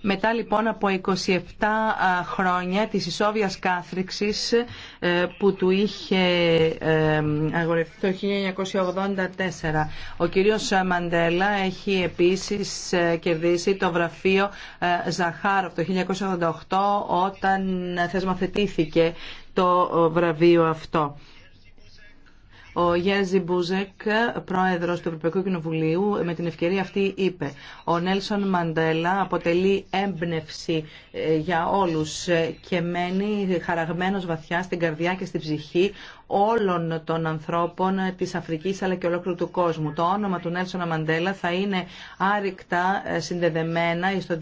Μετά λοιπόν από 27 χρόνια της ισόβιας κάθριξης ε, που του είχε ε, αγορευτεί το 1984. Ο κύριος Μαντέλα έχει επίσης ε, κερδίσει το βραφείο Ζαχάροφ το 1988 όταν θεσμοθετήθηκε το βραβείο αυτό. Ο Γέρζι Μπούζεκ, πρόεδρος του Ευρωπαϊκού Κοινοβουλίου, με την ευκαιρία αυτή είπε «Ο Νέλσον Μαντέλα αποτελεί έμπνευση ε, για όλους ε, και μένει χαραγμένος βαθιά στην καρδιά και στην ψυχή όλων των ανθρώπων της Αφρικής αλλά και ολόκληρου του κόσμου. Το όνομα του Νέλσον Μαντέλα θα είναι άρρηκτα ε, συνδεδεμένα στο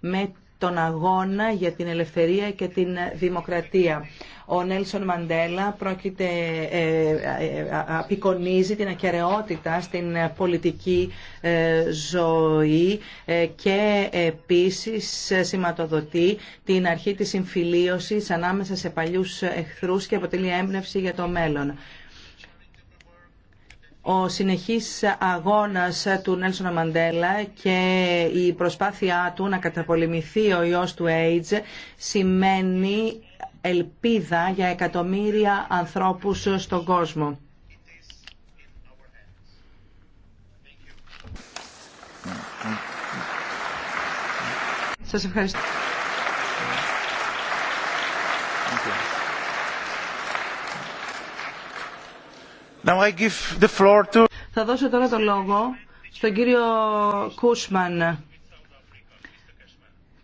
με τον αγώνα για την ελευθερία και την δημοκρατία. Ο Νέλσον Μαντέλα πρόκειται, ε, ε, απεικονίζει την ακεραιότητα στην πολιτική ε, ζωή και επίσης σηματοδοτεί την αρχή της συμφιλίωσης ανάμεσα σε παλιούς εχθρούς και αποτελεί έμπνευση για το μέλλον. Ο συνεχής αγώνας του Νέλσον Μαντέλα και η προσπάθειά του να καταπολεμηθεί ο ιός του AIDS σημαίνει ελπίδα για εκατομμύρια ανθρώπους στον κόσμο. Σας ευχαριστώ. Θα δώσω τώρα το λόγο στον κύριο Κούσμαν.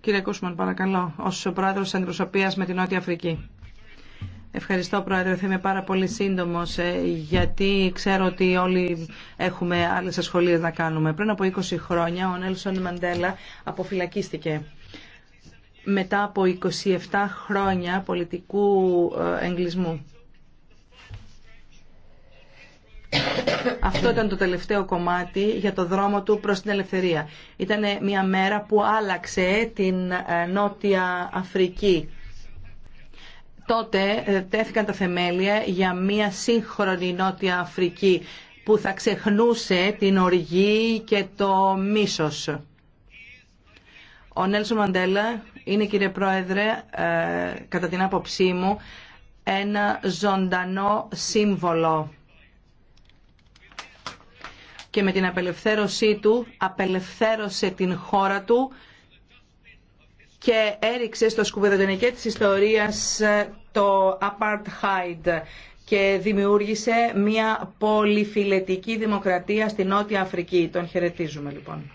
Κύριε Κούσμαν, παρακαλώ, ως πρόεδρο τη Αντιπροσωπείας με την Νότια Αφρική. Ευχαριστώ Πρόεδρε, θα είμαι πάρα πολύ σύντομος ε, γιατί ξέρω ότι όλοι έχουμε άλλε ασχολίες να κάνουμε. Πριν από 20 χρόνια ο Νέλσον Μαντέλα αποφυλακίστηκε μετά από 27 χρόνια πολιτικού ε, εγκλισμού. Αυτό ήταν το τελευταίο κομμάτι για το δρόμο του προς την ελευθερία. Ήταν μια μέρα που άλλαξε την ε, Νότια Αφρική. Τότε ε, τέθηκαν τα θεμέλια για μια σύγχρονη Νότια Αφρική που θα ξεχνούσε την οργή και το μίσος. Ο Νέλσον Μαντέλα είναι, κύριε Πρόεδρε, ε, κατά την άποψή μου, ένα ζωντανό σύμβολο και με την απελευθέρωσή του απελευθέρωσε την χώρα του και έριξε στο σκουπεδοτενικέ της ιστορίας ε, το apartheid και δημιούργησε μια πολυφιλετική δημοκρατία στη Νότια Αφρική. Τον χαιρετίζουμε λοιπόν.